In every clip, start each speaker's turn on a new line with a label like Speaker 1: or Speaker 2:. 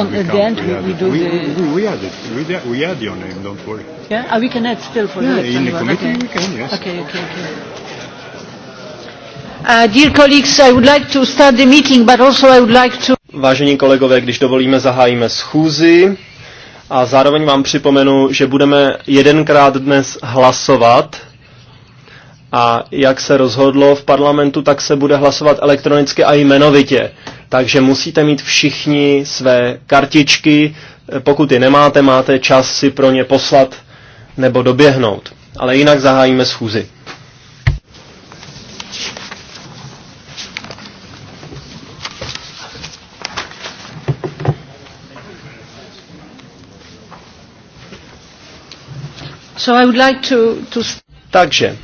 Speaker 1: on, at the end we, we do we, the...
Speaker 2: We, we add it. We, we add your name, don't
Speaker 1: worry. Yeah? oh, we can add still for yeah, you. in the committee okay. we can, yes. Okay, okay, okay.
Speaker 3: Uh, Vážení
Speaker 4: kolegové, když dovolíme, zahájíme schůzi a zároveň vám připomenu, že budeme jedenkrát dnes hlasovat a jak se rozhodlo v parlamentu, tak se bude hlasovat elektronicky a jmenovitě takže musíte mít všichni své kartičky, pokud je nemáte, máte čas si pro ně poslat nebo doběhnout. Ale jinak zahájíme schůzi.
Speaker 1: So I would like to, to...
Speaker 4: Takže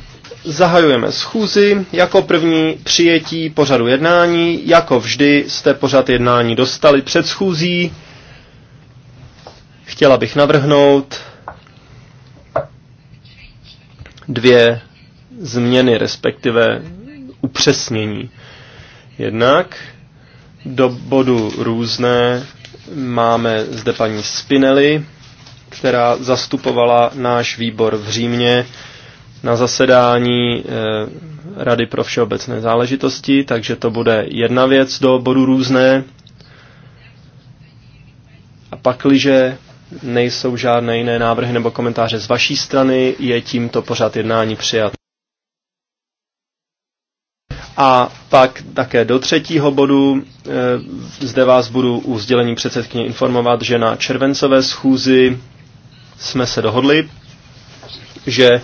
Speaker 4: Zahajujeme schůzi, jako první přijetí pořadu jednání, jako vždy jste pořad jednání dostali před schůzí. Chtěla bych navrhnout dvě změny, respektive upřesnění. Jednak do bodu různé máme zde paní Spinelli, která zastupovala náš výbor v Římě na zasedání eh, Rady pro všeobecné záležitosti, takže to bude jedna věc do bodu různé. A pakliže nejsou žádné jiné návrhy nebo komentáře z vaší strany, je tímto pořád jednání přijat. A pak také do třetího bodu, eh, zde vás budu u sdělení předsedkyně informovat, že na červencové schůzi jsme se dohodli, že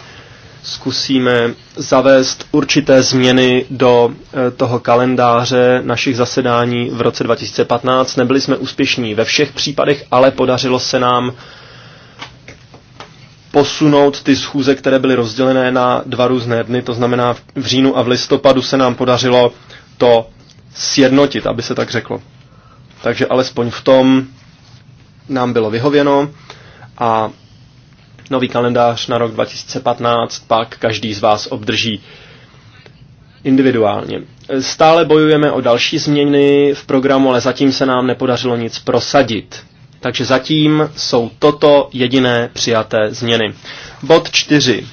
Speaker 4: zkusíme zavést určité změny do eh, toho kalendáře našich zasedání v roce 2015. Nebyli jsme úspěšní ve všech případech, ale podařilo se nám posunout ty schůze, které byly rozdělené na dva různé dny, to znamená v říjnu a v listopadu se nám podařilo to sjednotit, aby se tak řeklo. Takže alespoň v tom nám bylo vyhověno a nový kalendář na rok 2015 pak každý z vás obdrží individuálně. Stále bojujeme o další změny v programu, ale zatím se nám nepodařilo nic prosadit. Takže zatím jsou toto jediné přijaté změny. Bod 4.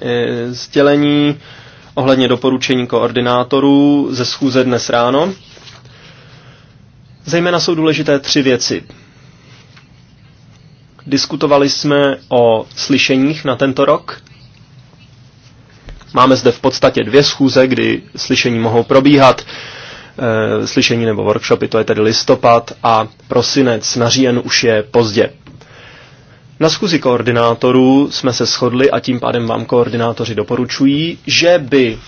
Speaker 4: E, sdělení ohledně doporučení koordinátorů ze schůze dnes ráno. Zejména jsou důležité tři věci. Diskutovali jsme o slyšeních na tento rok. Máme zde v podstatě dvě schůze, kdy slyšení mohou probíhat. E, slyšení nebo workshopy, to je tedy listopad a prosinec na říjen už je pozdě. Na schůzi koordinátorů jsme se shodli a tím pádem vám koordinátoři doporučují, že by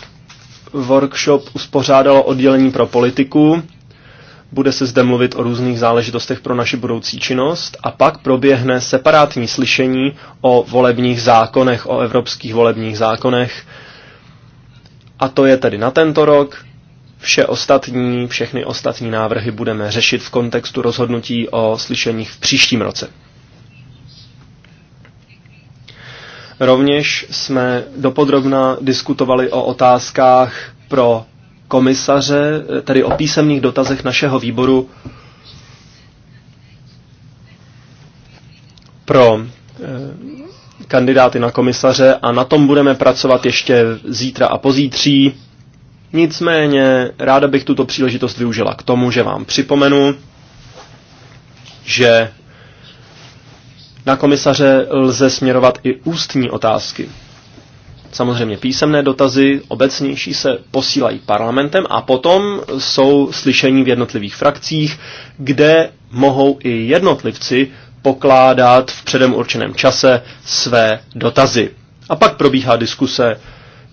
Speaker 4: workshop uspořádalo oddělení pro politiku bude se zde mluvit o různých záležitostech pro naši budoucí činnost a pak proběhne separátní slyšení o volebních zákonech, o evropských volebních zákonech. A to je tedy na tento rok. Vše ostatní, všechny ostatní návrhy budeme řešit v kontextu rozhodnutí o slyšeních v příštím roce. Rovněž jsme dopodrobna diskutovali o otázkách pro komisaře, tedy o písemných dotazech našeho výboru pro eh, kandidáty na komisaře a na tom budeme pracovat ještě zítra a pozítří. Nicméně ráda bych tuto příležitost využila k tomu, že vám připomenu, že na komisaře lze směrovat i ústní otázky. Samozřejmě písemné dotazy, obecnější, se posílají parlamentem a potom jsou slyšení v jednotlivých frakcích, kde mohou i jednotlivci pokládat v předem určeném čase své dotazy. A pak probíhá diskuse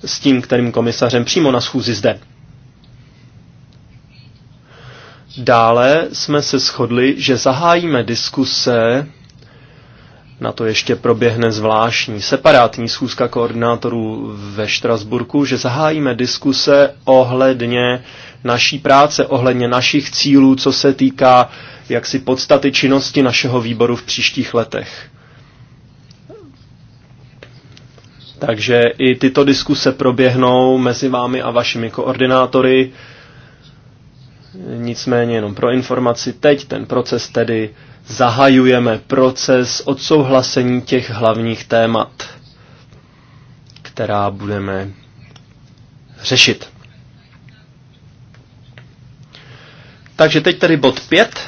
Speaker 4: s tím, kterým komisařem přímo na schůzi zde. Dále jsme se shodli, že zahájíme diskuse na to ještě proběhne zvláštní separátní schůzka koordinátorů ve Štrasburku, že zahájíme diskuse ohledně naší práce, ohledně našich cílů, co se týká jaksi podstaty činnosti našeho výboru v příštích letech. Takže i tyto diskuse proběhnou mezi vámi a vašimi koordinátory. Nicméně jenom pro informaci, teď ten proces tedy zahajujeme proces odsouhlasení těch hlavních témat, která budeme řešit. Takže teď tady bod 5.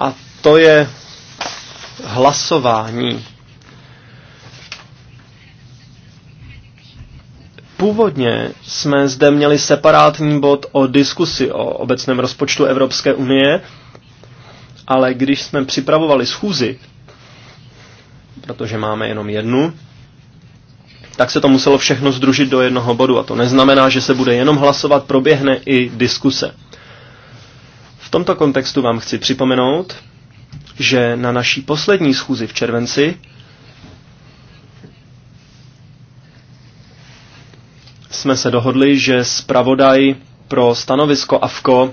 Speaker 4: A to je hlasování Původně jsme zde měli separátní bod o diskusi o obecném rozpočtu Evropské unie, ale když jsme připravovali schůzi, protože máme jenom jednu, tak se to muselo všechno združit do jednoho bodu. A to neznamená, že se bude jenom hlasovat, proběhne i diskuse. V tomto kontextu vám chci připomenout, že na naší poslední schůzi v červenci jsme se dohodli, že zpravodaj pro stanovisko AFKO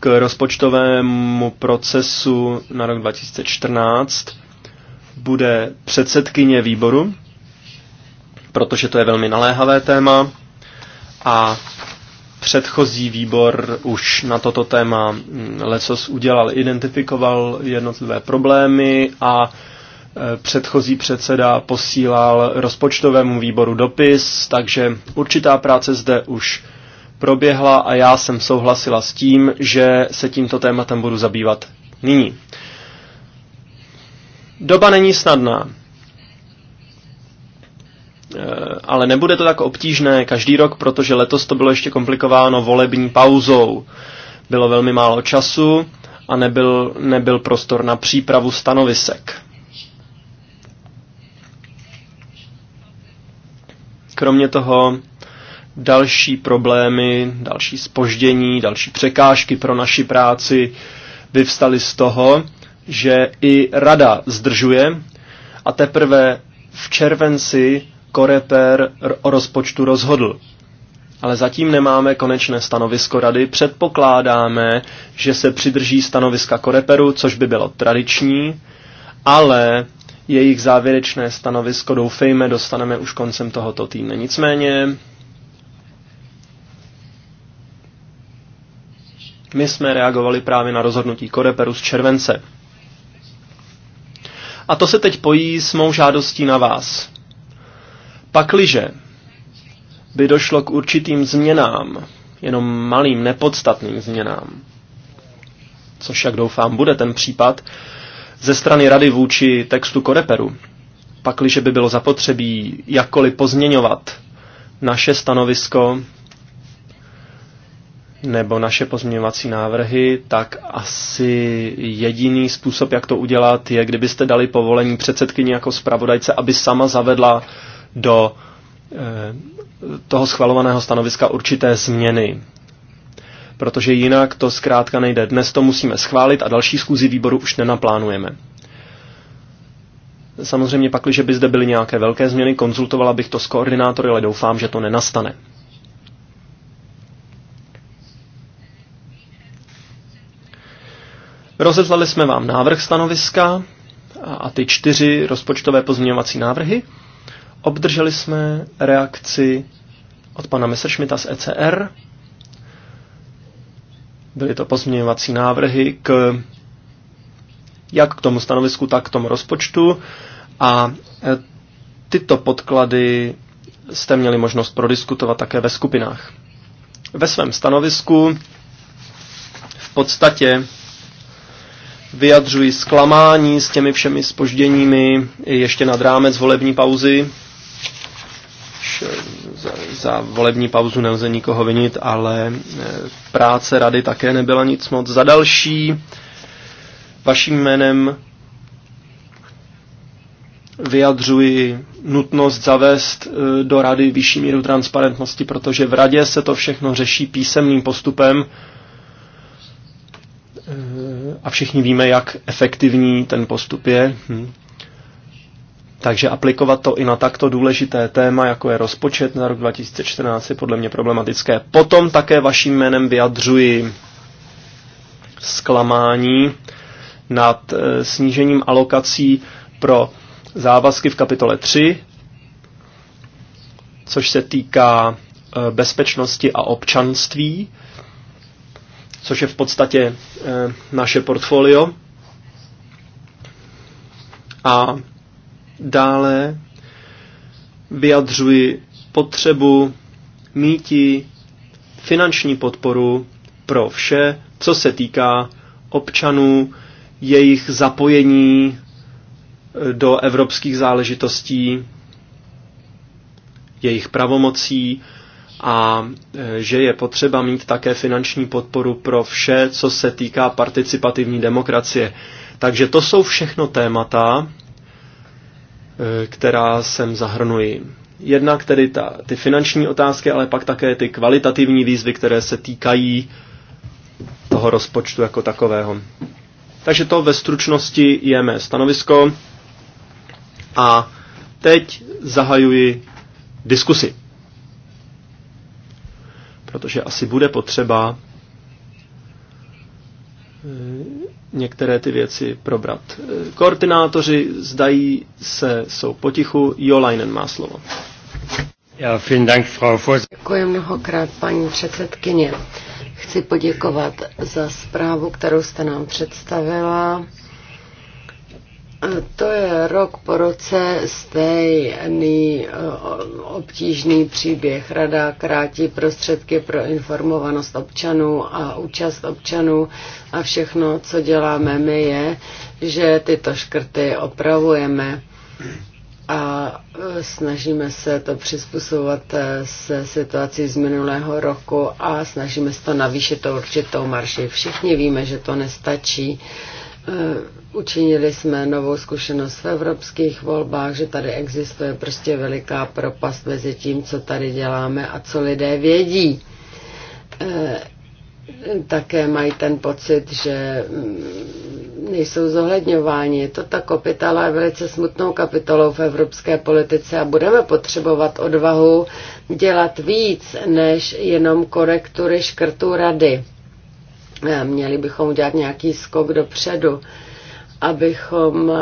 Speaker 4: k rozpočtovému procesu na rok 2014 bude předsedkyně výboru, protože to je velmi naléhavé téma a předchozí výbor už na toto téma lecos udělal, identifikoval jednotlivé problémy a Eh, předchozí předseda posílal rozpočtovému výboru dopis, takže určitá práce zde už proběhla a já jsem souhlasila s tím, že se tímto tématem budu zabývat nyní. Doba není snadná, eh, ale nebude to tak obtížné každý rok, protože letos to bylo ještě komplikováno volební pauzou. Bylo velmi málo času a nebyl, nebyl prostor na přípravu stanovisek. Kromě toho další problémy, další spoždění, další překážky pro naši práci vyvstaly z toho, že i rada zdržuje a teprve v červenci Koreper o rozpočtu rozhodl. Ale zatím nemáme konečné stanovisko rady, předpokládáme, že se přidrží stanoviska Koreperu, což by bylo tradiční, ale jejich závěrečné stanovisko doufejme dostaneme už koncem tohoto týdne. Nicméně my jsme reagovali právě na rozhodnutí Koreperu z července. A to se teď pojí s mou žádostí na vás. Pakliže by došlo k určitým změnám, jenom malým, nepodstatným změnám, což jak doufám bude ten případ, ze strany rady vůči textu Koreperu, pakliže by bylo zapotřebí jakkoliv pozměňovat naše stanovisko nebo naše pozměňovací návrhy, tak asi jediný způsob, jak to udělat, je, kdybyste dali povolení předsedkyni jako zpravodajce, aby sama zavedla do eh, toho schvalovaného stanoviska určité změny protože jinak to zkrátka nejde. Dnes to musíme schválit a další schůzi výboru už nenaplánujeme. Samozřejmě pak, že by zde byly nějaké velké změny, konzultovala bych to s koordinátory, ale doufám, že to nenastane. Rozezlali jsme vám návrh stanoviska a ty čtyři rozpočtové pozměňovací návrhy. Obdrželi jsme reakci od pana Messerschmitta z ECR, Byly to pozměňovací návrhy k jak k tomu stanovisku, tak k tomu rozpočtu a e, tyto podklady jste měli možnost prodiskutovat také ve skupinách. Ve svém stanovisku v podstatě vyjadřuji zklamání s těmi všemi spožděními ještě nad rámec volební pauzy za, za volební pauzu nelze nikoho vinit, ale e, práce rady také nebyla nic moc. Za další, vaším jménem vyjadřuji nutnost zavést e, do rady vyšší míru transparentnosti, protože v radě se to všechno řeší písemným postupem e, a všichni víme, jak efektivní ten postup je. Hm. Takže aplikovat to i na takto důležité téma, jako je rozpočet na rok 2014, je podle mě problematické. Potom také vaším jménem vyjadřuji zklamání nad e, snížením alokací pro závazky v kapitole 3, což se týká e, bezpečnosti a občanství, což je v podstatě e, naše portfolio. A Dále vyjadřuji potřebu míti finanční podporu pro vše, co se týká občanů, jejich zapojení eh, do evropských záležitostí, jejich pravomocí a eh, že je potřeba mít také finanční podporu pro vše, co se týká participativní demokracie. Takže to jsou všechno témata, Eh, která sem zahrnuji. Jednak tedy ta, ty finanční otázky, ale pak také ty kvalitativní výzvy, které se týkají toho rozpočtu jako takového. Takže to ve stručnosti je mé stanovisko a teď zahajuji diskusi. Protože asi bude potřeba eh, některé ty věci probrat. E, koordinátoři zdají se, jsou potichu. Leinen má slovo.
Speaker 2: Ja, vielen Dank, Frau
Speaker 1: Děkuji mnohokrát, paní předsedkyně. Chci poděkovat za zprávu, kterou jste nám představila to je rok po roce stejný eh, obtížný příběh. Rada krátí prostředky pro informovanost občanů a účast občanů a všechno, co děláme my, je, že tyto škrty opravujeme a eh, snažíme se to přizpůsobovat eh, se situací z minulého roku a snažíme se to navýšit to určitou marši. Všichni víme, že to nestačí Učinili jsme novou zkušenost v evropských volbách, že tady existuje prostě veliká propast mezi tím, co tady děláme a co lidé vědí. Eh, také mají ten pocit, že mm, nejsou zohledňováni. tak kapitola je velice smutnou kapitolou v evropské politice a budeme potřebovat odvahu dělat víc než jenom korektury škrtů rady. Eh, měli bychom udělat nějaký skok dopředu. předu abychom um,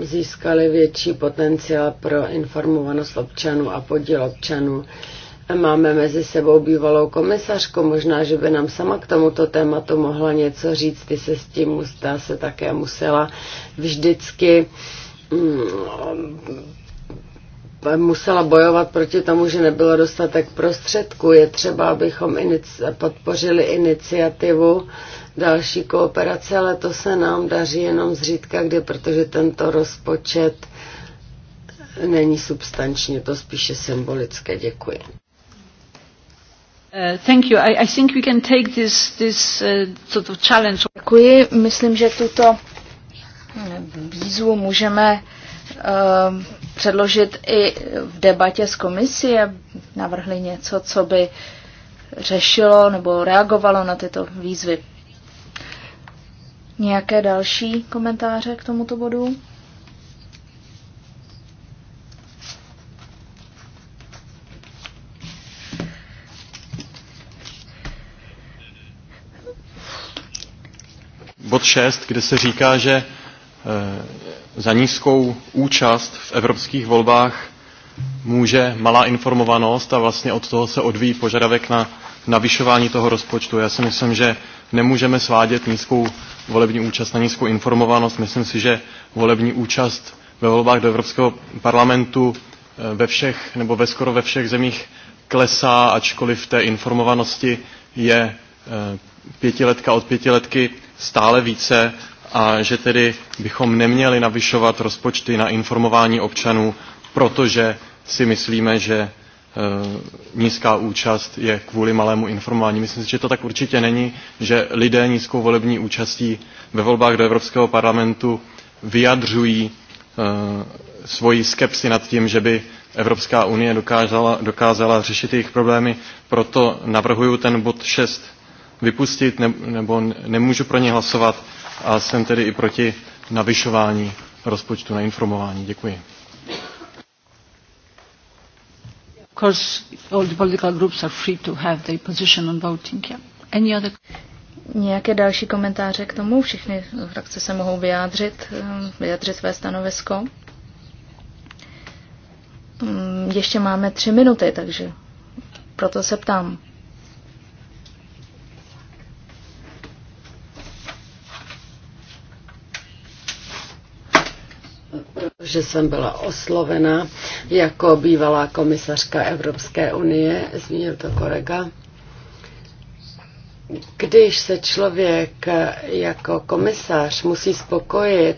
Speaker 1: získali větší potenciál pro informovanost občanů a podíl občanů. Máme mezi sebou bývalou komisařku, možná, že by nám sama k tomuto tématu mohla něco říct. Ty se s tím musela, se také musela vždycky mm, musela bojovat proti tomu, že nebylo dostatek prostředků. Je třeba, abychom podpořili iniciativu další kooperace, ale to se nám daří jenom zřídka kde, protože tento rozpočet není substančně, to spíše symbolické. Děkuji.
Speaker 3: Eh, thank you. I, think we can take this, this eh, sort of challenge. Děkuji. Myslím, že tuto eh, výzvu můžeme uh, předložit i v debatě s komisí. a Navrhli něco, co by řešilo nebo reagovalo na tyto výzvy. Nějaké další komentáře k tomuto bodu?
Speaker 2: Bod 6, kde se říká, že eh, za nízkou účast v evropských volbách může malá informovanost a vlastně od toho se odvíjí požadavek na navyšování toho rozpočtu. Já si myslím, že nemůžeme svádět nízkou volební účast na nízkou informovanost. Myslím si, že volební účast ve volbách do Evropského parlamentu eh, ve všech nebo ve skoro ve všech zemích klesá, ačkoliv té informovanosti je eh, pětiletka od pětiletky stále více a že tedy bychom neměli navyšovat rozpočty na informování občanů, protože si myslíme, že Eh, nízká účast je kvůli malému informování. Myslím si, že to tak určitě není, že lidé nízkou volební účastí ve volbách do Evropského parlamentu vyjadřují eh, svoji skepsi nad tím, že by Evropská unie dokázala, dokázala řešit jejich problémy. Proto navrhuju ten bod 6 vypustit, ne, nebo nemůžu pro ně hlasovat a jsem tedy i proti navyšování rozpočtu na informování. Děkuji.
Speaker 1: course, all the political groups are free to have their position on voting. Yeah.
Speaker 3: Any other... Nějaké další komentáře k tomu? Všechny frakce se mohou vyjádřit, eh, vyjádřit své stanovisko. Mm, ještě máme tři minuty, takže proto se ptám.
Speaker 1: že jsem byla oslovena jako bývalá komisařka Evropské unie, zmínil to kolega. Když se člověk jako komisař musí spokojit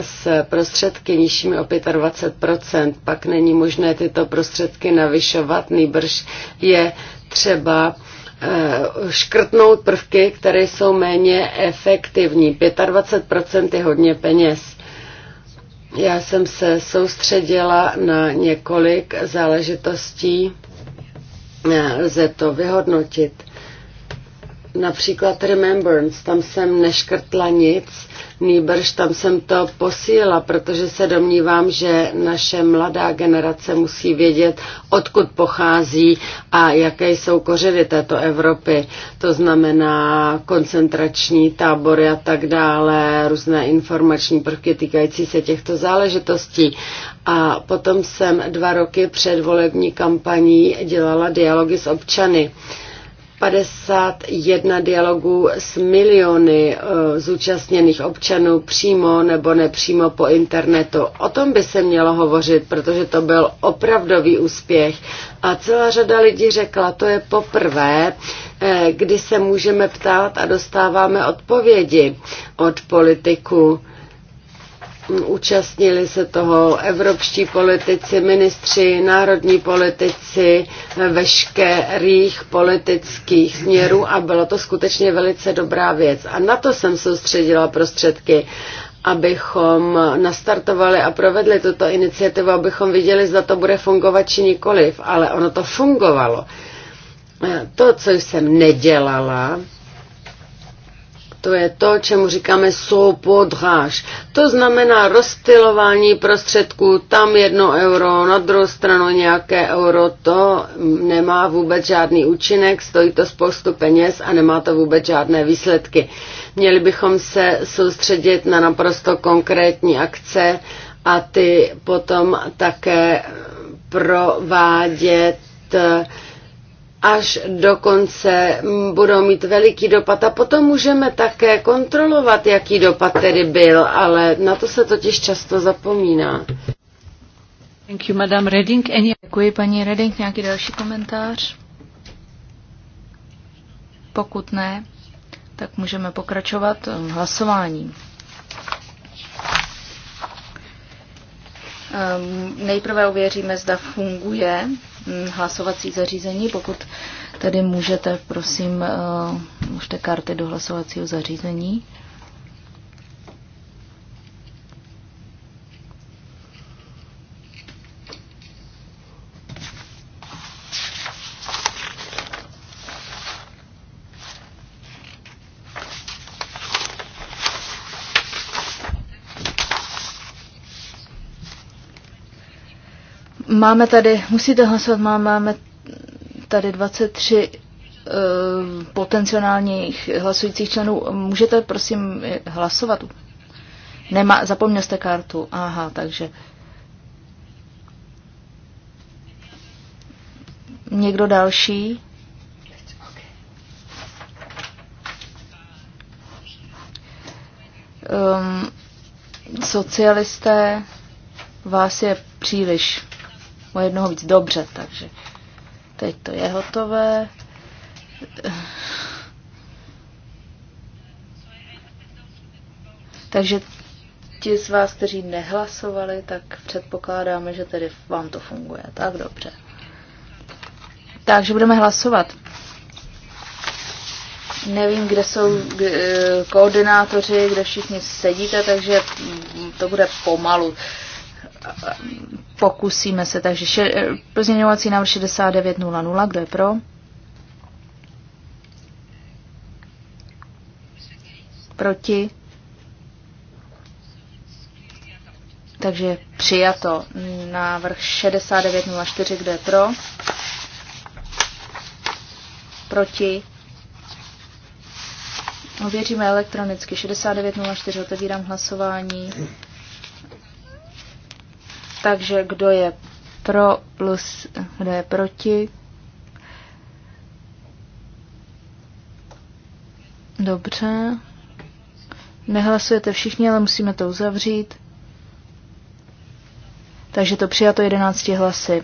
Speaker 1: s prostředky nižšími o 25%, pak není možné tyto prostředky navyšovat, nýbrž je třeba eh, škrtnout prvky, které jsou méně efektivní. 25% je hodně peněz. Já jsem se soustředila na několik záležitostí, lze to vyhodnotit například Remembrance, tam jsem neškrtla nic, nýbrž tam jsem to posílala, protože se domnívám, že naše mladá generace musí vědět, odkud pochází a jaké jsou kořeny této Evropy. To znamená koncentrační tábory a tak dále, různé informační prvky týkající se těchto záležitostí. A potom jsem dva roky před volební kampaní dělala dialogy s občany. 51 dialogů s miliony eh, zúčastněných občanů přímo nebo nepřímo po internetu. O tom by se mělo hovořit, protože to byl opravdový úspěch. A celá řada lidí řekla, to je poprvé, eh, kdy se můžeme ptát a dostáváme odpovědi od politiků. Účastnili se toho evropští politici, ministři, národní politici veškerých politických směrů a bylo to skutečně velice dobrá věc. A na to jsem soustředila prostředky abychom nastartovali a provedli tuto iniciativu, abychom viděli, zda to bude fungovat či nikoliv, ale ono to fungovalo. To, co jsem nedělala, to je to, čemu říkáme soupodráž. To znamená rozstylování prostředků, tam jedno euro, na druhou stranu nějaké euro, to nemá vůbec žádný účinek, stojí to spoustu peněz a nemá to vůbec žádné výsledky. Měli bychom se soustředit na naprosto konkrétní akce a ty potom také provádět eh, až dokonce budou mít veliký dopad a potom můžeme také kontrolovat, jaký dopad tedy byl, ale na to se totiž často zapomíná.
Speaker 3: Thank you, Madame Reding. Any... Děkuji, paní Reding. Nějaký další komentář? Pokud ne, tak můžeme pokračovat hlasováním. Ehm, um, nejprve ověříme, zda funguje Eh, hlasovací zařízení. Pokud tedy můžete, prosím, eh, můžete karty do hlasovacího zařízení. Máme tady, musíte hlasovat, máme tady 23 eh, potenciálních hlasujících členů. Můžete prosím hlasovat? Nemá, zapomněl jste kartu. Aha, takže. Někdo další? Um, socialisté, vás je příliš o jednoho víc. Dobře, takže teď to je hotové. Takže ti z vás, kteří nehlasovali, tak předpokládáme, že tedy vám to funguje. Tak dobře. Takže budeme hlasovat. Nevím, kde jsou eh, koordinátoři, kde všichni sedíte, takže to bude pomalu pokusíme se, takže še, pozměňovací návrh 6900, kdo je pro? Proti? Takže přijato návrh 6904, kdo je pro? Proti? Ověříme elektronicky 6904, otevírám hlasování. Takže kdo je pro plus, kdo je proti. Dobře. Nehlasujete všichni, ale musíme to uzavřít. Takže to přijato 11 hlasy.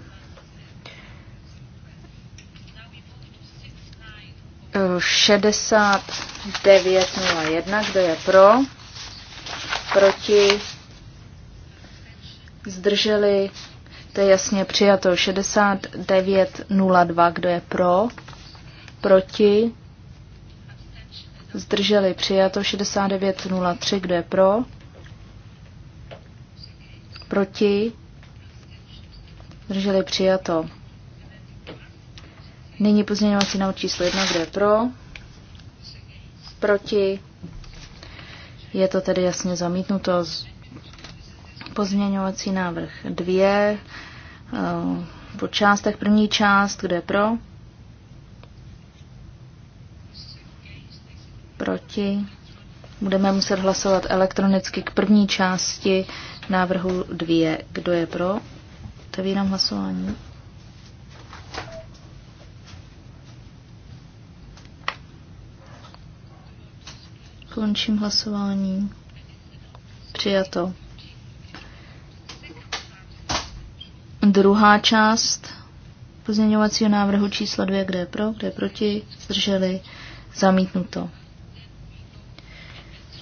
Speaker 3: nula jedna, kdo je pro? Proti? zdrželi, to je jasně přijato 6902, kdo je pro, proti, zdrželi, přijato 6903, kdo je pro, proti, zdrželi, přijato. Nyní pozměňovací návrh číslo 1, kdo je pro, proti, je to tedy jasně zamítnuto, Pozměňovací návrh dvě eh, po částech. První část, kde pro? Proti. Budeme muset hlasovat elektronicky k první části návrhu dvě Kdo je pro? Otevírám hlasování. Končím hlasování. Přijato. Druhá část pozměňovacího návrhu číslo 2, kde je pro, kde je proti, zdrželi, zamítnuto.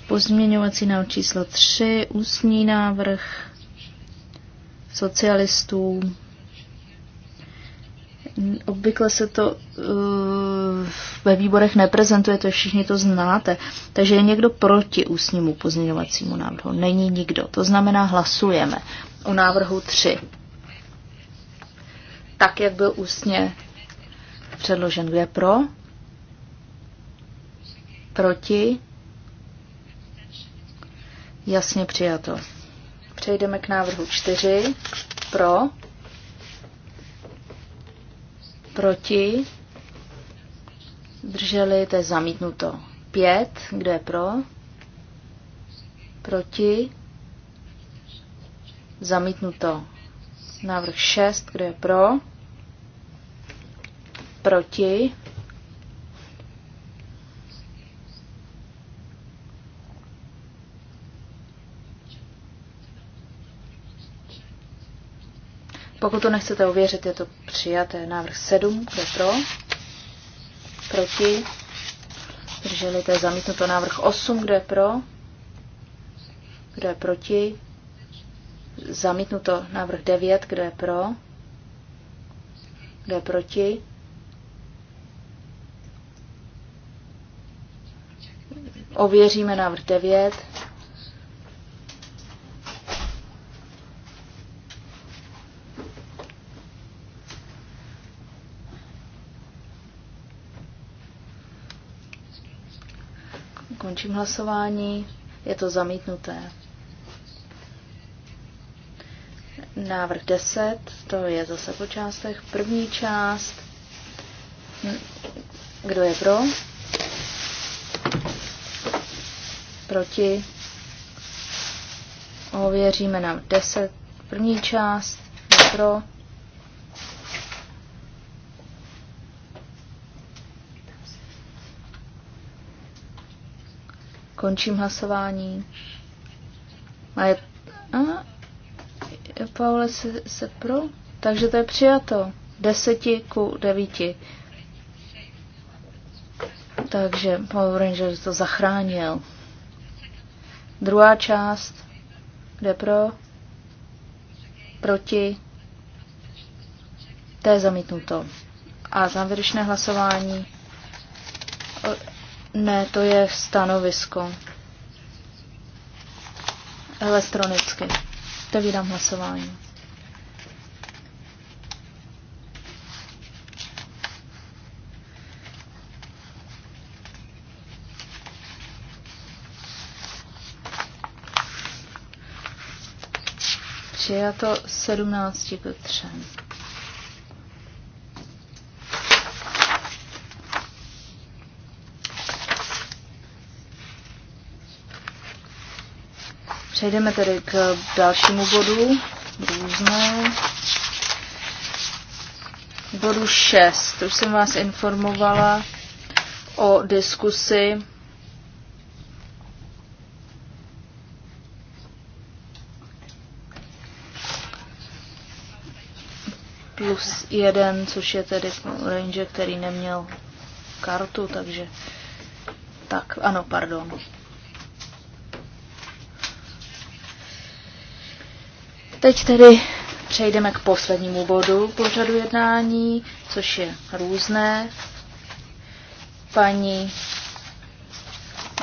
Speaker 3: Pozměňovací návrh číslo 3, ústní návrh socialistů. Obvykle se to uh, ve výborech neprezentuje, to všichni to znáte. Takže je někdo proti ústnímu pozměňovacímu návrhu? Není nikdo. To znamená, hlasujeme o návrhu 3 tak, jak byl ústně předložen. Kde pro? Proti? Jasně přijato. Přejdeme k návrhu 4. Pro? Proti? Drželi, to je zamítnuto. 5. Kdo je pro? Proti? Zamítnuto. Návrh 6. Kdo je pro? proti, Pokud to nechcete uvěřit, je to přijaté. Návrh 7, kde pro, proti, drželi, to je zamítnuto. Návrh 8, kde pro, kdo je proti? Zamítnuto návrh 9. Kdo je pro? Kdo je proti? Ověříme návrh 9. Končím hlasování. Je to zamítnuté. Návrh 10, to je zase po částech. První část. Kdo je pro? proti. Ověříme na 10. První část je pro. Končím hlasování. A je... A, Paule se, se pro? Takže to je přijato. 10 ku 9. Takže Power Ranger to zachránil. Druhá část, kde pro, proti, to je zamítnuto. A závěrečné hlasování, ne, to je stanovisko. Elektronicky. Otevírám hlasování. přijato 17 k 3. Přejdeme tedy k dalšímu bodu, různé. Bodu 6, už jsem vás informovala o diskusi plus jeden, což je tedy ranger, který neměl kartu, takže tak, ano, pardon. Teď tedy přejdeme k poslednímu bodu pořadu jednání, což je různé. Paní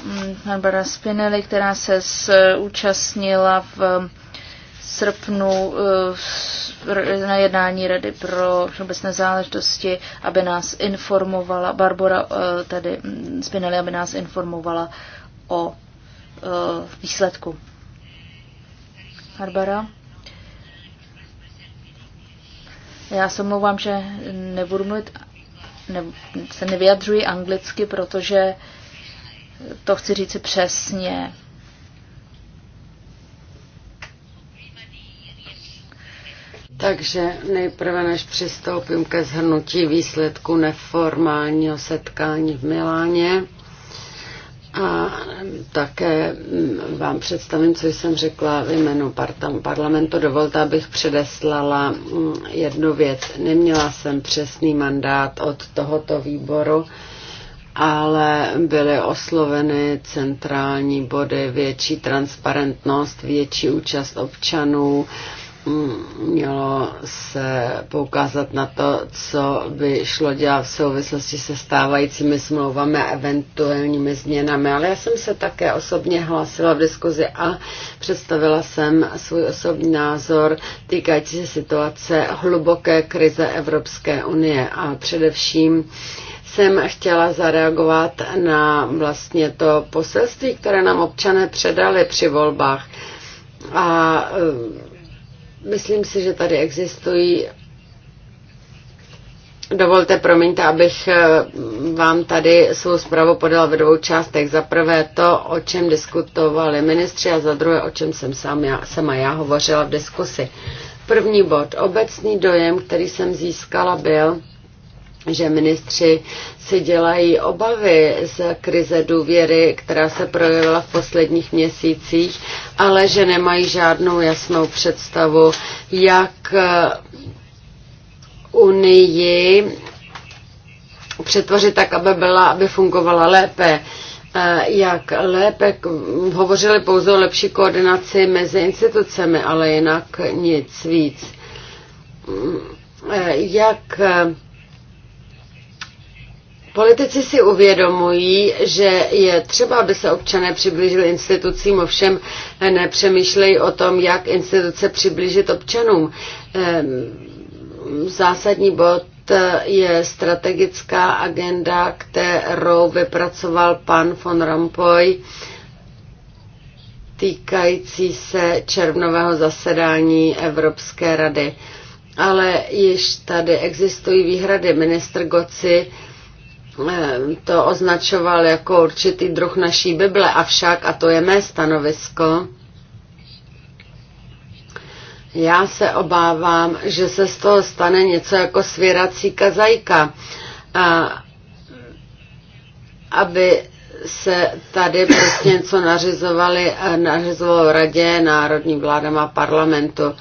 Speaker 3: mm, Barbara Spinelli, která se zúčastnila v srpnu eh, na jednání Rady pro všeobecné záležitosti, aby nás informovala, Barbara eh, tady mm, Spinelli, aby nás informovala o eh, výsledku. Barbara? Já se mluvám, že nebudu mluvit, ne, se nevyjadřuji anglicky, protože
Speaker 1: to chci říci přesně. Takže nejprve, než přistoupím ke zhrnutí výsledku neformálního setkání v Miláně, a také vám představím, co jsem řekla v jménu parlamentu. Dovolte, abych předeslala mm, jednu věc. Neměla jsem přesný mandát od tohoto výboru, ale byly osloveny centrální body, větší transparentnost, větší účast občanů, mělo se poukázat na to, co by šlo dělat v souvislosti se stávajícími smlouvami a eventuálními změnami. Ale já jsem se také osobně hlásila v diskuzi a představila jsem svůj osobní názor týkající se situace hluboké krize Evropské unie a především jsem chtěla zareagovat na vlastně to poselství, které nám občané předali při volbách. A Myslím si, že tady existují Dovolte, promiňte, abych eh, vám tady svou zprávu podala ve dvou částech. Za prvé to, o čem diskutovali ministři a za druhé, o čem jsem sám já, sama já hovořila v diskusi. První bod. Obecný dojem, který jsem získala, byl, že ministři si dělají obavy z krize důvěry, která se projevila v posledních měsících, ale že nemají žádnou jasnou představu, jak eh, Unii přetvořit tak, aby, byla, aby fungovala lépe eh, jak lépe hovořili pouze o lepší koordinaci mezi institucemi, ale jinak nic víc. Mm, eh, jak Politici si uvědomují, že je třeba, aby se občané přiblížili institucím, ovšem nepřemýšlejí o tom, jak instituce přiblížit občanům. Ehm, zásadní bod eh, je strategická agenda, kterou vypracoval pan von Rompuy týkající se červnového zasedání Evropské rady. Ale již tady existují výhrady. Ministr Goci Eh, to označoval jako určitý druh naší Bible, avšak, a to je mé stanovisko, já se obávám, že se z toho stane něco jako svěrací kazajka, a, aby se tady prostě něco nařizovali, eh, nařizovalo radě, národní vládama, a parlamentu.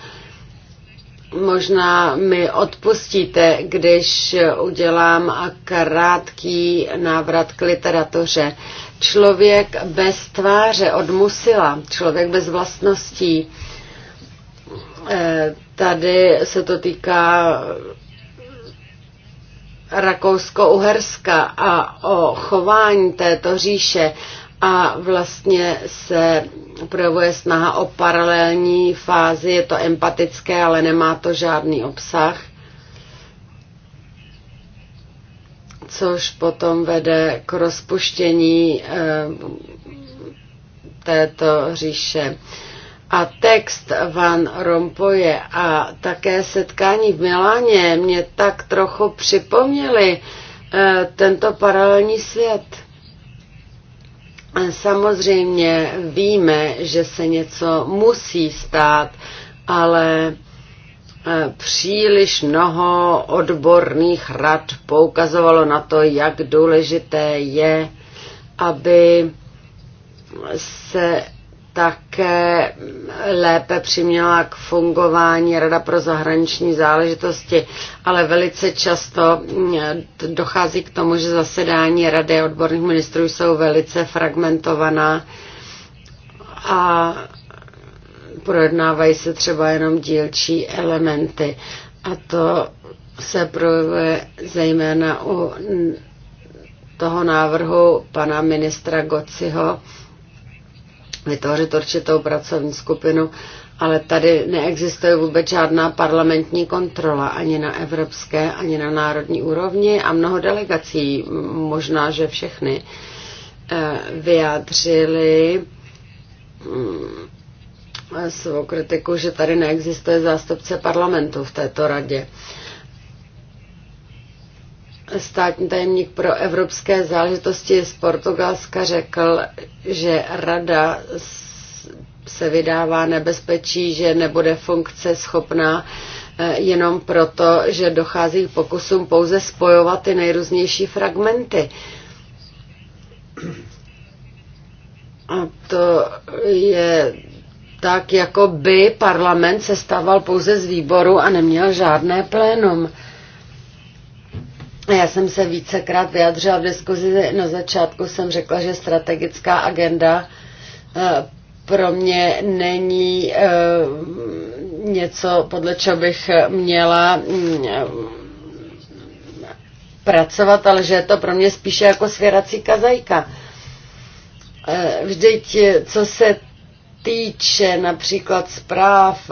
Speaker 1: Možná mi odpustíte, když udělám krátký návrat k literatuře. Člověk bez tváře od Musila, člověk bez vlastností. Eh, tady se to týká Rakousko-Uherska a o chování této říše a vlastně se projevuje snaha o paralelní fázi, je to empatické, ale nemá to žádný obsah, což potom vede k rozpuštění eh, této říše. A text Van Rompoje a také setkání v Miláně mě tak trochu připomněli eh, tento paralelní svět. Samozřejmě víme, že se něco musí stát, ale eh, příliš mnoho odborných rad poukazovalo na to, jak důležité je, aby se také lépe přiměla k fungování Rada pro zahraniční záležitosti, ale velice často mm, dochází k tomu, že zasedání Rady odborných ministrů jsou velice fragmentovaná a projednávají se třeba jenom dílčí elementy. A to se projevuje zejména u toho návrhu pana ministra Gociho, vytvořit určitou pracovní skupinu, ale tady neexistuje vůbec žádná parlamentní kontrola ani na evropské, ani na národní úrovni a mnoho delegací, možná, že všechny, eh, vyjádřili mm, svou kritiku, že tady neexistuje zástupce parlamentu v této radě státní tajemník pro evropské záležitosti z Portugalska řekl, že rada se vydává nebezpečí, že nebude funkce schopná eh, jenom proto, že dochází k pokusům pouze spojovat ty nejrůznější fragmenty. A to je tak, jako by parlament se stával pouze z výboru a neměl žádné plénum. Já jsem se vícekrát vyjadřila v diskuzi, na začátku jsem řekla, že strategická agenda eh, pro mě není eh, něco, podle čeho bych měla mm, pracovat, ale že je to pro mě spíše jako svěrací kazajka. Eh, vždyť, co se týče například zpráv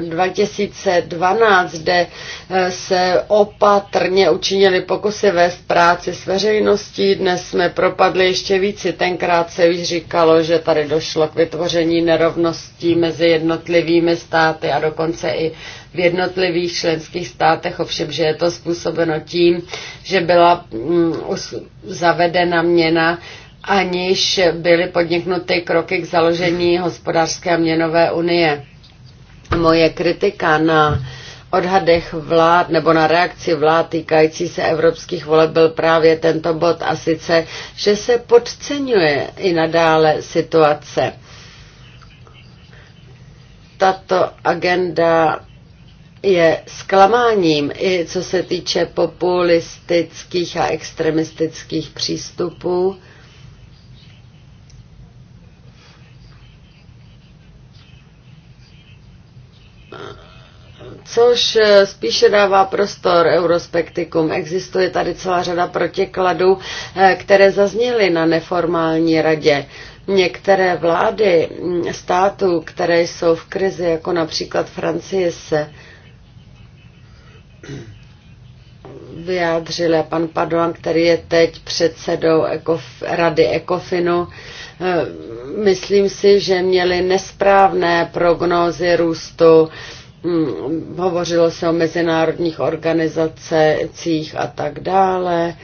Speaker 1: 2012, eh, kde eh, se opatrně učinili pokusy vést práci s veřejností, dnes jsme propadli ještě víci. Tenkrát se již říkalo, že tady došlo k vytvoření nerovností mezi jednotlivými státy a dokonce i v jednotlivých členských státech, ovšem, že je to způsobeno tím, že byla mm, zavedena měna aniž byly podniknuty kroky k založení hospodářské a měnové unie. Moje kritika na odhadech vlád nebo na reakci vlád týkající se evropských voleb byl právě tento bod a sice, že se podceňuje i nadále situace. Tato agenda je zklamáním i co se týče populistických a extremistických přístupů což eh, spíše dává prostor eurospektikům. Existuje tady celá řada protikladů, eh, které zazněly na neformální radě. Některé vlády mm, států, které jsou v krizi, jako například Francie, se a Pan Padoan, který je teď předsedou Ekof, rady Ekofinu, eh, myslím si, že měli nesprávné prognózy růstu. Mm, hovořilo se o mezinárodních organizacích a tak dále.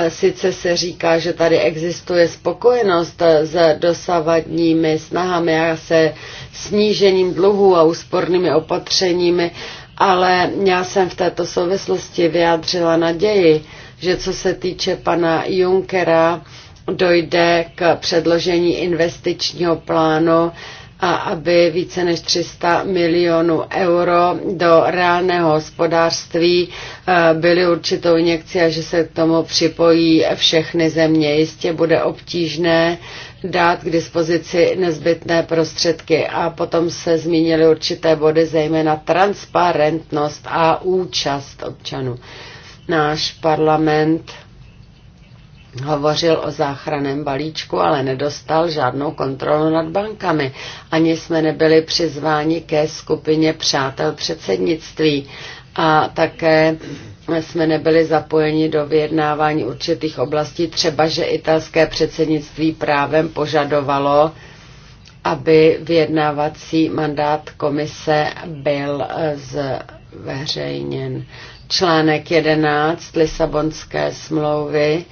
Speaker 1: Eh, sice se říká, že tady existuje spokojenost s dosavadními snahami a se snížením dluhů a úspornými opatřeními, ale já jsem v této souvislosti vyjádřila naději, že co se týče pana Junkera, dojde k předložení investičního plánu a aby více než 300 milionů euro do reálného hospodářství eh, byly určitou injekci a že se k tomu připojí všechny země. Jistě bude obtížné dát k dispozici nezbytné prostředky a potom se zmínily určité body, zejména transparentnost a účast občanů. Náš parlament hovořil o záchraném balíčku, ale nedostal žádnou kontrolu nad bankami. Ani jsme nebyli přizváni ke skupině přátel předsednictví a také jsme nebyli zapojeni do vyjednávání určitých oblastí, třeba že italské předsednictví právem požadovalo, aby vyjednávací mandát komise byl eh, zveřejněn. Článek 11 Lisabonské smlouvy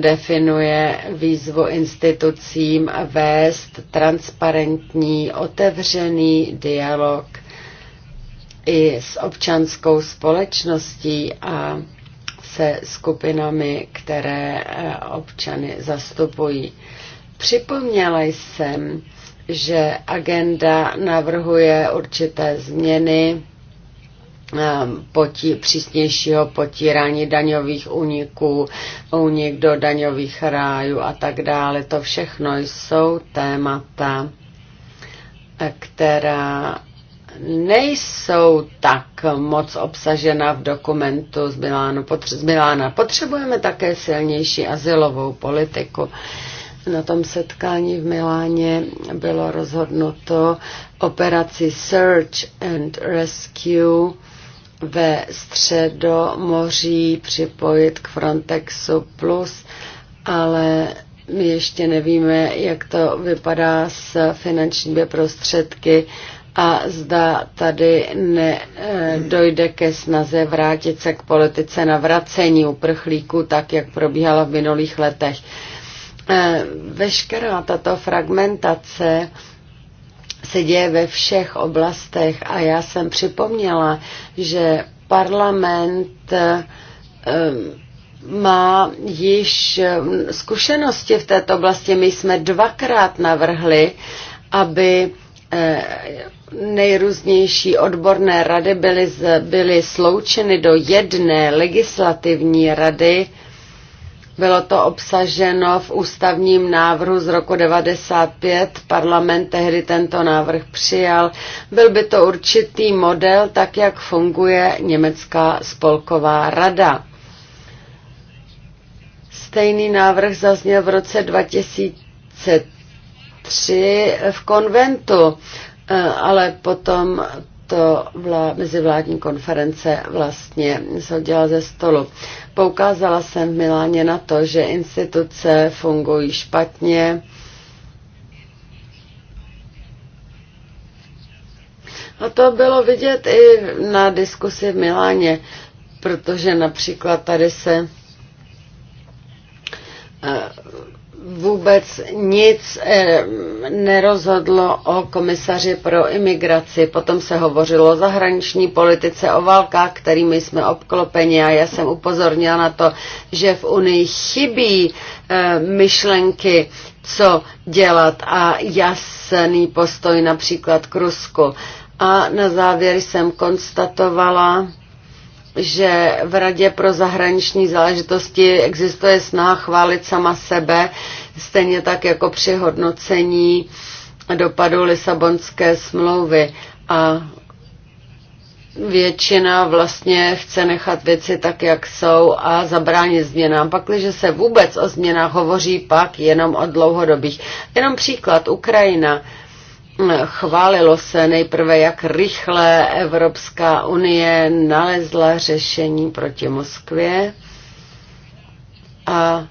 Speaker 1: definuje výzvu institucím vést transparentní, otevřený dialog i s občanskou společností a se skupinami, které eh, občany zastupují. Připomněla jsem, že agenda navrhuje určité změny Eh, potí, přísnějšího potírání daňových úniků, únik do daňových rájů a tak dále. To všechno jsou témata, eh, která nejsou tak moc obsažena v dokumentu z, Milánu, potře- z Milána. Potřebujeme také silnější asilovou politiku. Na tom setkání v Miláně bylo rozhodnuto operaci Search and Rescue ve středomoří připojit k Frontexu Plus, ale my ještě nevíme, jak to vypadá s finančními prostředky a zda tady ne, eh, dojde ke snaze vrátit se k politice navracení uprchlíků, tak jak probíhala v minulých letech. Eh, veškerá tato fragmentace se děje ve všech oblastech a já jsem připomněla, že parlament ehm, má již ehm, zkušenosti v této oblasti. My jsme dvakrát navrhli, aby eh, nejrůznější odborné rady byly, byly sloučeny do jedné legislativní rady, bylo to obsaženo v ústavním návrhu z roku 95. Parlament tehdy tento návrh přijal. Byl by to určitý model, tak jak funguje Německá spolková rada. Stejný návrh zazněl v roce 2003 v konventu, eh, ale potom této vlá, mezivládní konference vlastně shodila ze stolu. Poukázala jsem v Miláně na to, že instituce fungují špatně, A to bylo vidět i na diskusi v Miláně, protože například tady se eh, vůbec nic eh, nerozhodlo o komisaři pro imigraci. Potom se hovořilo o zahraniční politice, o válkách, kterými jsme obklopeni a já jsem upozornila na to, že v Unii chybí eh, myšlenky, co dělat a jasný postoj například k Rusku. A na závěr jsem konstatovala, že v Radě pro zahraniční záležitosti existuje snaha chválit sama sebe, stejně tak jako při hodnocení dopadu Lisabonské smlouvy. A většina vlastně chce nechat věci tak, jak jsou a zabránit změnám. Pakliže se vůbec o změnách hovoří, pak jenom o dlouhodobých. Jenom příklad, Ukrajina Chválilo se nejprve, jak rychle Evropská unie nalezla řešení proti Moskvě a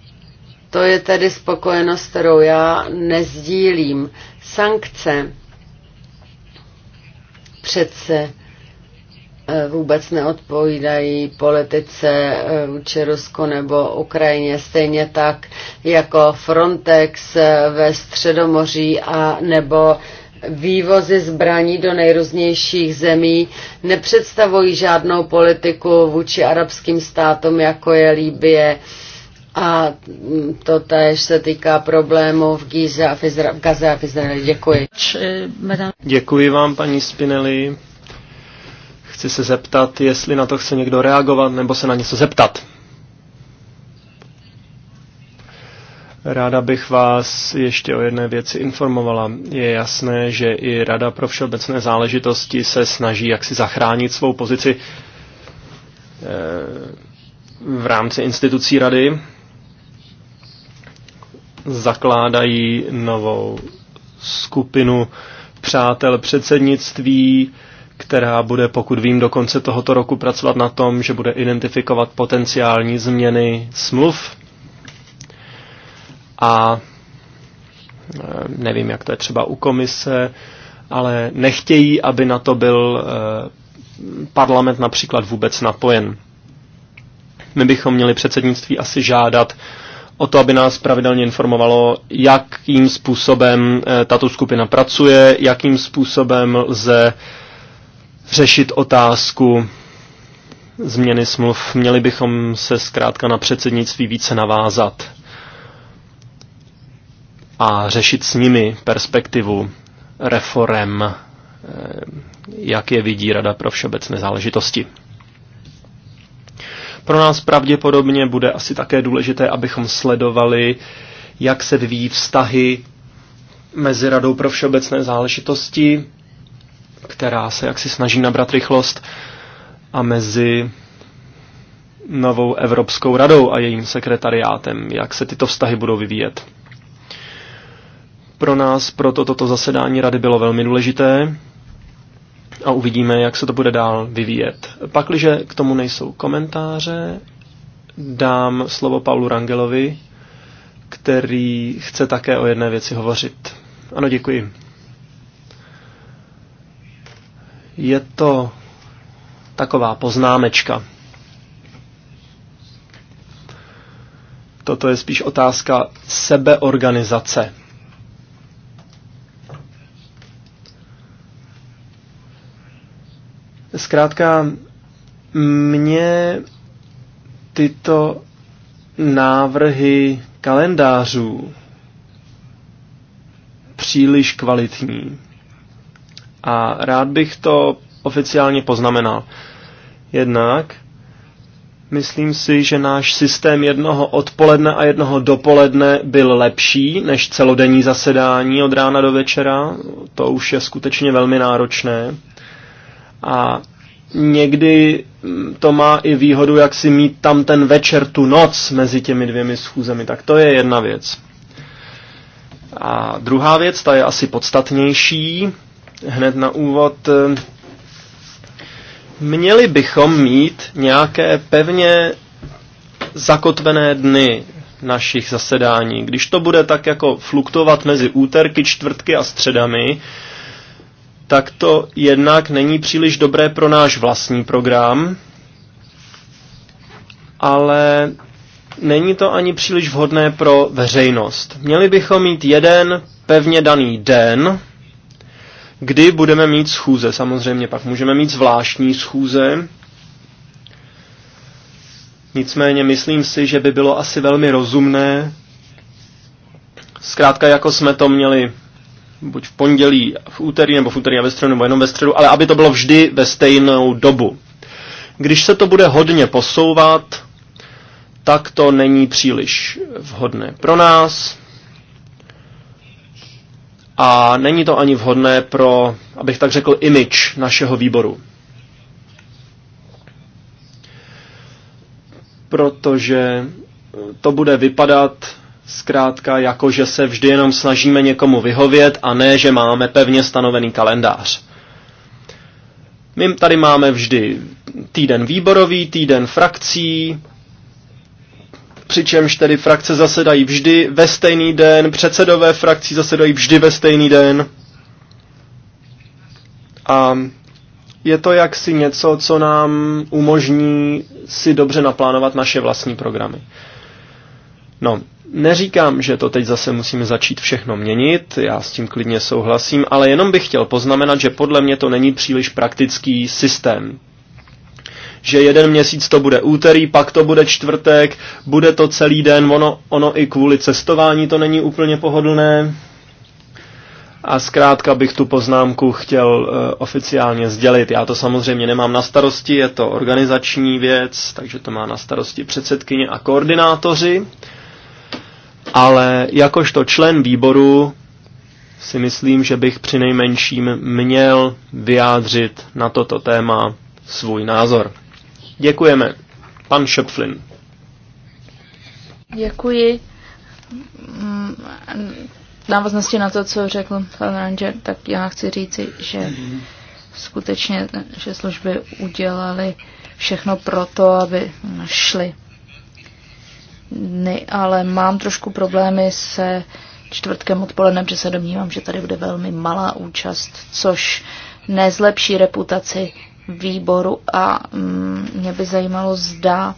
Speaker 1: to je tedy spokojenost, kterou já nezdílím. Sankce přece eh, vůbec neodpovídají politice eh, vůči Rusku nebo Ukrajině, stejně tak jako Frontex eh, ve Středomoří a nebo vývozy zbraní do nejrůznějších zemí nepředstavují žádnou politiku vůči arabským státům, jako je Líbie. A to též se týká problémů v Gize a v, Izra- v Gaze a v Izraeli. Děkuji.
Speaker 4: Děkuji vám, paní Spinelli. Chci se zeptat, jestli na to chce někdo reagovat nebo se na něco zeptat. Ráda bych vás ještě o jedné věci informovala. Je jasné, že i Rada pro všeobecné záležitosti se snaží jaksi zachránit svou pozici eh, v rámci institucí Rady. Zakládají novou skupinu přátel předsednictví, která bude, pokud vím, do konce tohoto roku pracovat na tom, že bude identifikovat potenciální změny smluv a eh, nevím, jak to je třeba u komise, ale nechtějí, aby na to byl eh, parlament například vůbec napojen. My bychom měli předsednictví asi žádat o to, aby nás pravidelně informovalo, jakým způsobem eh, tato skupina pracuje, jakým způsobem lze řešit otázku změny smluv. Měli bychom se zkrátka na předsednictví více navázat a řešit s nimi perspektivu reform, eh, jak je vidí Rada pro všeobecné záležitosti. Pro nás pravděpodobně bude asi také důležité, abychom sledovali, jak se vyvíjí vztahy mezi Radou pro všeobecné záležitosti, která se jaksi snaží nabrat rychlost, a mezi novou Evropskou radou a jejím sekretariátem, jak se tyto vztahy budou vyvíjet pro nás, proto toto zasedání rady bylo velmi důležité a uvidíme, jak se to bude dál vyvíjet. Pakliže k tomu nejsou komentáře, dám slovo Paulu Rangelovi, který chce také o jedné věci hovořit. Ano, děkuji. Je to taková poznámečka. Toto je spíš otázka sebeorganizace Zkrátka, mě tyto návrhy kalendářů příliš kvalitní. A rád bych to oficiálně poznamenal. Jednak, myslím si, že náš systém jednoho odpoledne a jednoho dopoledne byl lepší než celodenní zasedání od rána do večera. To už je skutečně velmi náročné. A někdy mm, to má i výhodu, jak si mít tam ten večer, tu noc mezi těmi dvěmi schůzemi. Tak to je jedna věc. A druhá věc, ta je asi podstatnější, hned na úvod. Eh, měli bychom mít nějaké pevně zakotvené dny našich zasedání. Když to bude tak jako fluktovat mezi úterky, čtvrtky a středami, tak to jednak není příliš dobré pro náš vlastní program, ale není to ani příliš vhodné pro veřejnost. Měli bychom mít jeden pevně daný den, kdy budeme mít schůze. Samozřejmě pak můžeme mít zvláštní schůze. Nicméně myslím si, že by bylo asi velmi rozumné, zkrátka jako jsme to měli buď v pondělí, v úterý, nebo v úterý a ve středu, nebo jenom ve středu, ale aby to bylo vždy ve stejnou dobu. Když se to bude hodně posouvat, tak to není příliš vhodné pro nás a není to ani vhodné pro, abych tak řekl, image našeho výboru. Protože to bude vypadat zkrátka jako, že se vždy jenom snažíme někomu vyhovět a ne, že máme pevně stanovený kalendář. My tady máme vždy týden výborový, týden frakcí, přičemž tedy frakce zasedají vždy ve stejný den, předsedové frakcí zasedají vždy ve stejný den. A je to jaksi něco, co nám umožní si dobře naplánovat naše vlastní programy. No, Neříkám, že to teď zase musíme začít všechno měnit, já s tím klidně souhlasím, ale jenom bych chtěl poznamenat, že podle mě to není příliš praktický systém. Že jeden měsíc to bude úterý, pak to bude čtvrtek, bude to celý den, ono, ono i kvůli cestování to není úplně pohodlné. A zkrátka bych tu poznámku chtěl e, oficiálně sdělit. Já to samozřejmě nemám na starosti, je to organizační věc, takže to má na starosti předsedkyně a koordinátoři ale jakožto člen výboru si myslím, že bych při nejmenším měl vyjádřit na toto téma svůj názor. Děkujeme. Pan
Speaker 3: Šöpflin. Děkuji. Mm, návaznosti na to, co řekl pan Ranger, tak já chci říci, že skutečně že služby udělali všechno pro to, aby našli dny, ale mám trošku problémy se čtvrtkem odpolednem, protože se domnívám, že tady bude velmi malá účast, což nezlepší reputaci výboru a mm, mě by zajímalo, zda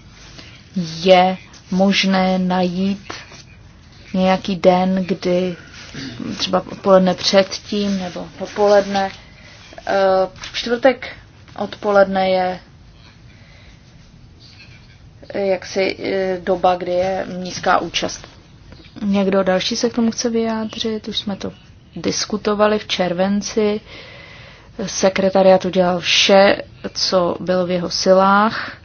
Speaker 3: je možné najít nějaký den, kdy třeba odpoledne předtím nebo dopoledne. Eh, čtvrtek odpoledne je jaksi e, doba, kdy je nízká účast. Někdo další se k tomu chce vyjádřit? Už jsme to diskutovali v červenci. Sekretariat udělal vše, co bylo v jeho silách.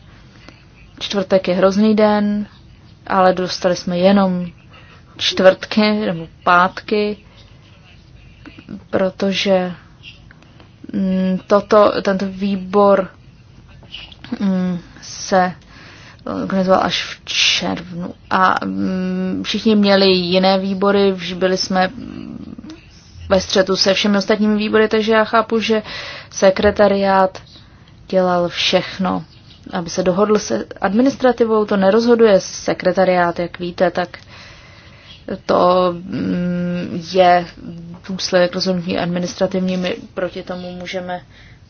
Speaker 3: Čtvrtek je hrozný den, ale dostali jsme jenom čtvrtky nebo pátky, protože mm, toto, tento výbor mm, se organizoval až v červnu. A mm, všichni měli jiné výbory, byli jsme ve střetu se všemi ostatními výbory, takže já chápu, že sekretariát dělal všechno, aby se dohodl se administrativou. To nerozhoduje sekretariát, jak víte, tak to mm, je důsledek rozhodnutí administrativní. proti tomu můžeme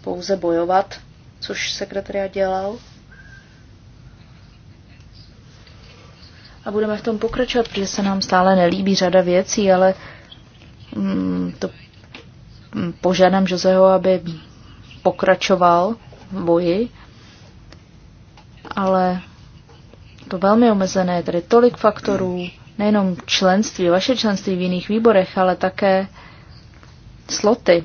Speaker 3: pouze bojovat, což sekretariát dělal. a budeme v tom pokračovat, protože se nám stále nelíbí řada věcí, ale mm, to mm, požádám Joseho, aby pokračoval v boji, ale to velmi omezené, je tady tolik faktorů, nejenom členství, vaše členství v jiných výborech, ale také sloty,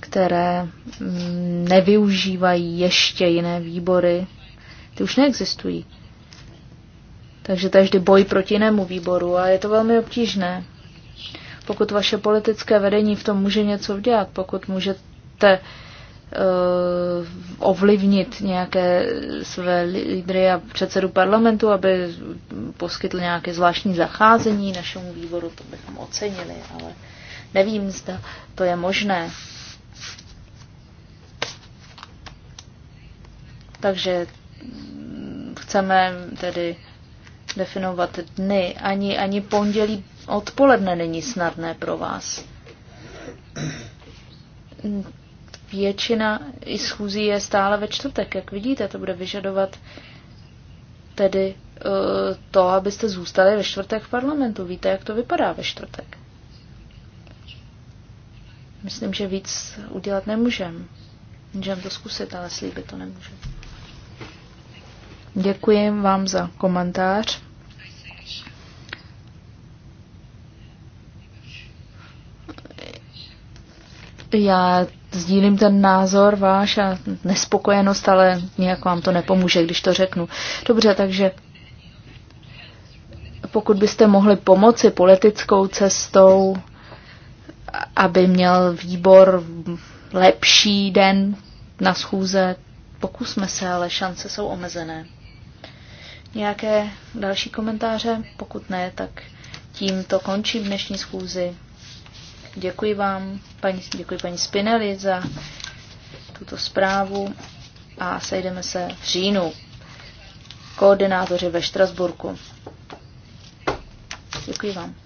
Speaker 3: které mm, nevyužívají ještě jiné výbory. Ty už neexistují. Takže to je vždy boj proti jinému výboru a je to velmi obtížné. Pokud vaše politické vedení v tom může něco udělat, pokud můžete uh, ovlivnit nějaké své lídry a předsedu parlamentu, aby poskytl nějaké zvláštní zacházení našemu výboru, to bychom ocenili, ale nevím, zda to je možné. Takže Nechceme tedy definovat dny. Ani, ani pondělí odpoledne není snadné pro vás. Většina i schůzí je stále ve čtvrtek, jak vidíte, to bude vyžadovat tedy eh, to, abyste zůstali ve čtvrtek v parlamentu. Víte, jak to vypadá ve čtvrtek? Myslím, že víc udělat nemůžeme. Můžeme to zkusit, ale slíbit to nemůžeme. Děkuji vám za komentář. Já sdílím ten názor váš a nespokojenost, ale nějak vám to nepomůže, když to řeknu. Dobře, takže pokud byste mohli pomoci politickou cestou, aby měl výbor lepší den na schůze, pokusme se, ale šance jsou omezené nějaké další komentáře? Pokud ne, tak tím to končí dnešní schůzi. Děkuji vám, paní, děkuji paní Spinelli za tuto zprávu a sejdeme se v říjnu. Koordinátoři ve Štrasburku. Děkuji vám.